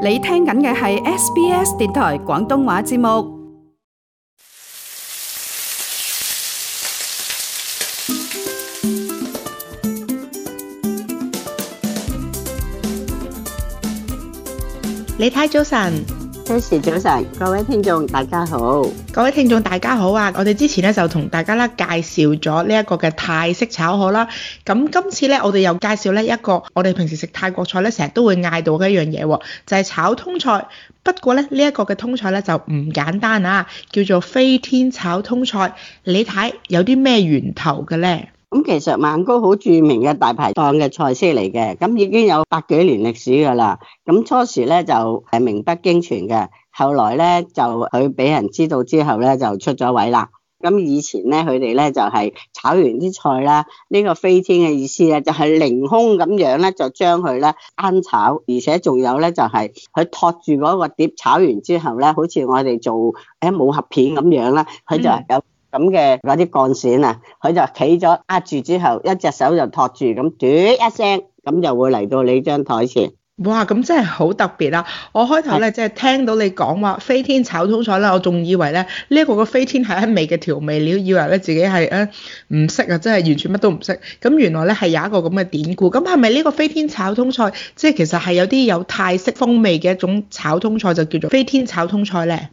你聽緊嘅係 SBS 電台廣東話節目。李太早晨，多謝早晨，各位聽眾，大家好。各位聽眾，大家好啊！我哋之前咧就同大家啦介紹咗呢一個嘅泰式炒河啦，咁今次咧我哋又介紹呢一個我哋平時食泰國菜咧成日都會嗌到嘅一樣嘢喎，就係炒通菜。不過咧呢一個嘅通菜咧就唔簡單啊，叫做飛天炒通菜。你睇有啲咩源頭嘅咧？咁其實曼谷好著名嘅大排檔嘅菜式嚟嘅，咁已經有百幾年歷史㗎喇。咁初時咧就係名不經傳嘅。後來咧就佢俾人知道之後咧就出咗位啦。咁以前咧佢哋咧就係、是、炒完啲菜啦，呢、這個飛天嘅意思啊就係凌空咁樣咧就將佢咧啱炒，而且仲有咧就係、是、佢托住嗰個碟炒完之後咧，好似我哋做誒、哎、武俠片咁樣啦，佢就係有咁嘅嗰啲鋼線啊，佢、嗯、就企咗壓住之後，一隻手就托住，咁嘟一聲咁就會嚟到你張台前。哇，咁真係好特別啦！我開頭咧，即係聽到你講話飛天炒通菜啦，我仲以為咧呢個個飛天係一味嘅調味料，以為咧自己係誒唔識啊，真係完全乜都唔識。咁原來咧係有一個咁嘅典故。咁係咪呢個飛天炒通菜，即係其實係有啲有泰式風味嘅一種炒通菜，就叫做飛天炒通菜咧？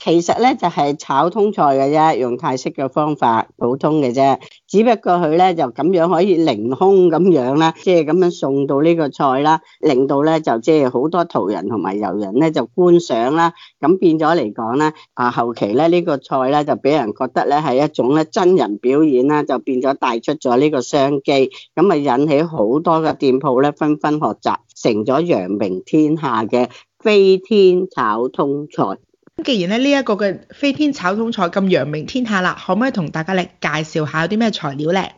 其實咧就係炒通菜嘅啫，用泰式嘅方法，普通嘅啫。只不過佢咧就咁樣可以凌空咁樣啦，即係咁樣送到呢個菜啦，令到咧就即係好多途人同埋遊人咧就觀賞啦。咁變咗嚟講咧，啊後期咧呢個菜咧就俾人覺得咧係一種咧真人表演啦，就變咗帶出咗呢個商機，咁啊引起好多嘅店鋪咧紛紛學習，成咗揚名天下嘅飛天炒通菜。咁既然咧呢一個嘅飛天炒通菜咁揚名天下啦，可唔可以同大家嚟介紹下有啲咩材料咧？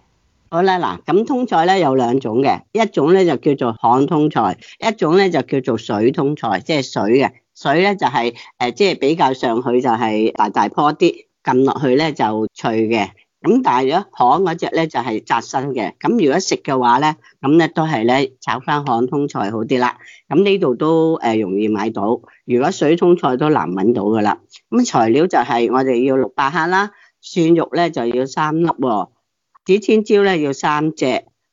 好啦，嗱，咁通菜咧有兩種嘅，一種咧就叫做旱通菜，一種咧就叫做水通菜，即係水嘅。水咧就係誒，即係比較上去就係大大棵啲，撳落去咧就脆嘅。咁但係咧，旱嗰隻咧就係、是、紮身嘅。咁如果食嘅話咧，咁咧都係咧炒翻旱通菜好啲啦。咁呢度都誒容易買到。如果水通菜都難揾到噶啦。咁材料就係、是、我哋要六百克啦，蒜肉咧就要三粒、哦，紫千椒咧要三隻，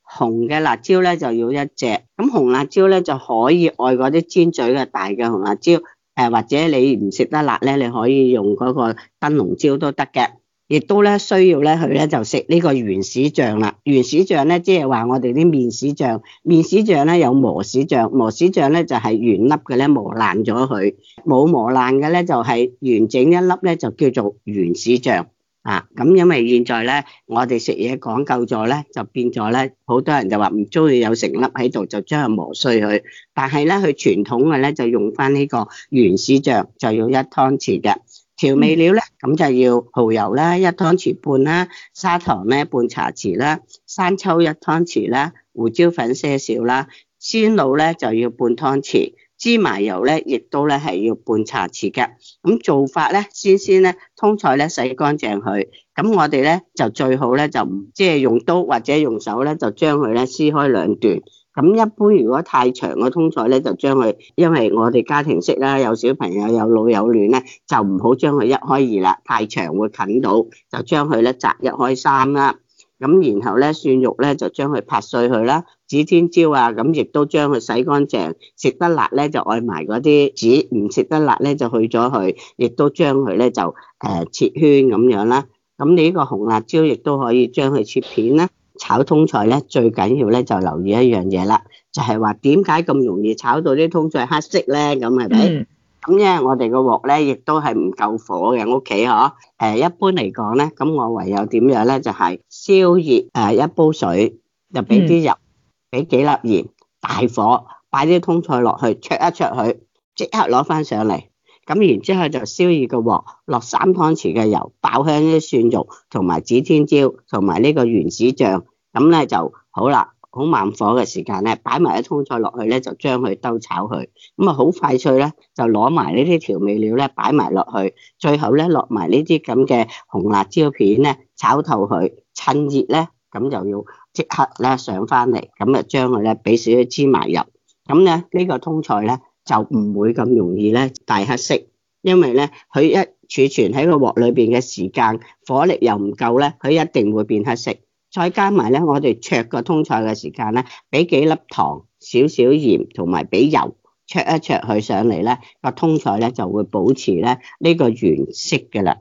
紅嘅辣椒咧就要一隻。咁紅辣椒咧就可以愛嗰啲尖嘴嘅大嘅紅辣椒，誒或者你唔食得辣咧，你可以用嗰個燈籠椒都得嘅。亦都咧需要咧，佢咧就食呢個原豉醬啦。原豉醬咧，即係話我哋啲麵豉醬，麵豉醬咧有磨豉醬，磨豉醬咧就係原粒嘅咧磨爛咗佢，冇磨爛嘅咧就係完整一粒咧就叫做原豉醬啊。咁因為現在咧我哋食嘢講究咗咧，就變咗咧好多人就話唔中意有成粒喺度，就將佢磨碎佢。但係咧佢傳統嘅咧就用返呢個原豉醬，就要一湯匙嘅。調味料咧，咁就要蚝油啦，一湯匙半啦，砂糖咧半茶匙啦，生抽一湯匙啦，胡椒粉些少啦，鮮露咧就要半湯匙，芝麻油咧亦都咧係要半茶匙嘅。咁做法咧，先先咧，通菜咧洗乾淨佢，咁我哋咧就最好咧就唔即係用刀或者用手咧就將佢咧撕開兩段。咁一般如果太長嘅通菜咧，就將佢，因為我哋家庭式啦，有小朋友有老有嫩咧，就唔好將佢一開二啦，太長會哽到，就將佢咧摘一開三啦。咁然後咧蒜肉咧就將佢拍碎佢啦，指天椒啊，咁亦都將佢洗乾淨，食得辣咧就愛埋嗰啲籽，唔食得辣咧就去咗佢，亦都將佢咧就誒、呃、切圈咁樣啦。咁你呢個紅辣椒亦都可以將佢切片啦。炒通菜咧，最緊要咧就留意一樣嘢啦，就係話點解咁容易炒到啲通菜黑色咧？咁係咪？咁咧、嗯、因為我哋個鑊咧亦都係唔夠火嘅屋企嗬。誒、呃，一般嚟講咧，咁我唯有點樣咧？就係、是、燒熱誒、呃、一煲水，就俾啲油，俾幾粒鹽，大火擺啲通菜落去灼一灼佢，即刻攞翻上嚟。咁然之後就燒熱個鑊，落三湯匙嘅油，爆香啲蒜蓉同埋指天椒同埋呢個原子醬，咁咧就好啦，好慢火嘅時間咧，擺埋啲通菜落去咧，就將佢兜炒佢，咁啊好快脆咧，就攞埋呢啲調味料咧，擺埋落去，最後咧落埋呢啲咁嘅紅辣椒片咧，炒透佢，趁熱咧，咁就要即刻咧上翻嚟，咁啊將佢咧俾少啲芝麻油，咁咧呢、這個通菜咧。就唔會咁容易咧大黑色，因為咧佢一儲存喺個鑊裏邊嘅時間，火力又唔夠咧，佢一定會變黑色。再加埋咧，我哋灼個通菜嘅時間咧，俾幾粒糖，少少鹽同埋俾油灼一灼佢上嚟，咧，個通菜咧就會保持咧呢個原色嘅啦。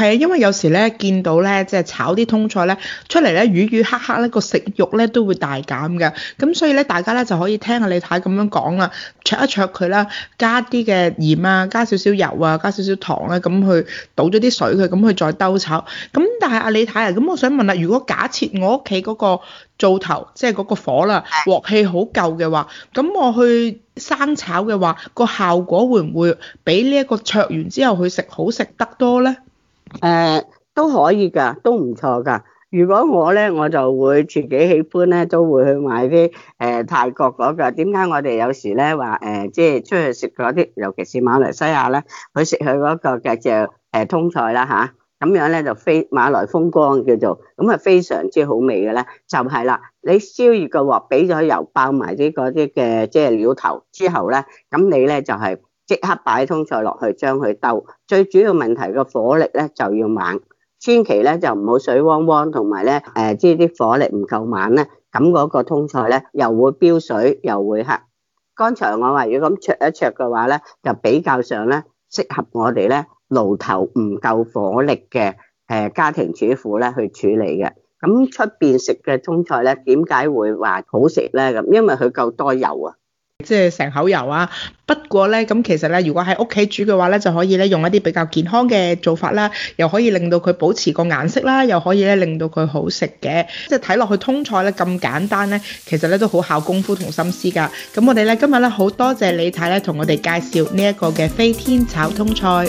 係啊，因為有時咧見到咧，即係炒啲通菜咧出嚟咧，魚魚黑黑咧個食慾咧都會大減嘅。咁所以咧，大家咧就可以聽阿、啊、李太咁樣講啦，灼一灼佢啦，加啲嘅鹽啊，加少少油啊，加少少糖咧、啊，咁去倒咗啲水佢，咁去再兜炒。咁但係阿、啊、李太啊，咁我想問啦、啊，如果假設我屋企嗰個灶頭即係嗰個火啦，鑊氣好夠嘅話，咁我去生炒嘅話，個效果會唔會比呢一個灼完之後去食好食得多咧？誒、呃，都可以噶，都唔錯噶。如果我咧，我就會自己喜歡咧，都會去買啲誒、呃、泰國嗰、那個。點解我哋有時咧話誒，即係出去食嗰啲，尤其是馬來西亞咧，佢食佢嗰個嘅隻誒通菜啦吓，咁、啊、樣咧就非馬來風光叫做，咁啊非常之好味嘅咧，就係、是、啦。你燒熱個鑊，俾咗油爆埋啲嗰啲嘅即係料頭之後咧，咁你咧就係、是。即刻擺通菜落去，將佢兜。最主要問題個火力咧就要猛，千祈咧就唔好水汪汪，同埋咧誒，即係啲火力唔夠猛咧，咁嗰個通菜咧又會飆水，又會黑。剛才我話如果咁灼一灼嘅話咧，就比較上咧適合我哋咧爐頭唔夠火力嘅誒、呃、家庭主婦咧去處理嘅。咁出邊食嘅通菜咧，點解會話好食咧？咁因為佢夠多油啊。即係成口油啊！不過呢，咁其實呢，如果喺屋企煮嘅話呢，就可以咧用一啲比較健康嘅做法啦，又可以令到佢保持個顏色啦，又可以咧令到佢好食嘅。即係睇落去通菜呢咁簡單呢，其實呢都好考功夫同心思噶。咁我哋呢，今日呢，好多謝李太呢同我哋介紹呢一個嘅飛天炒通菜。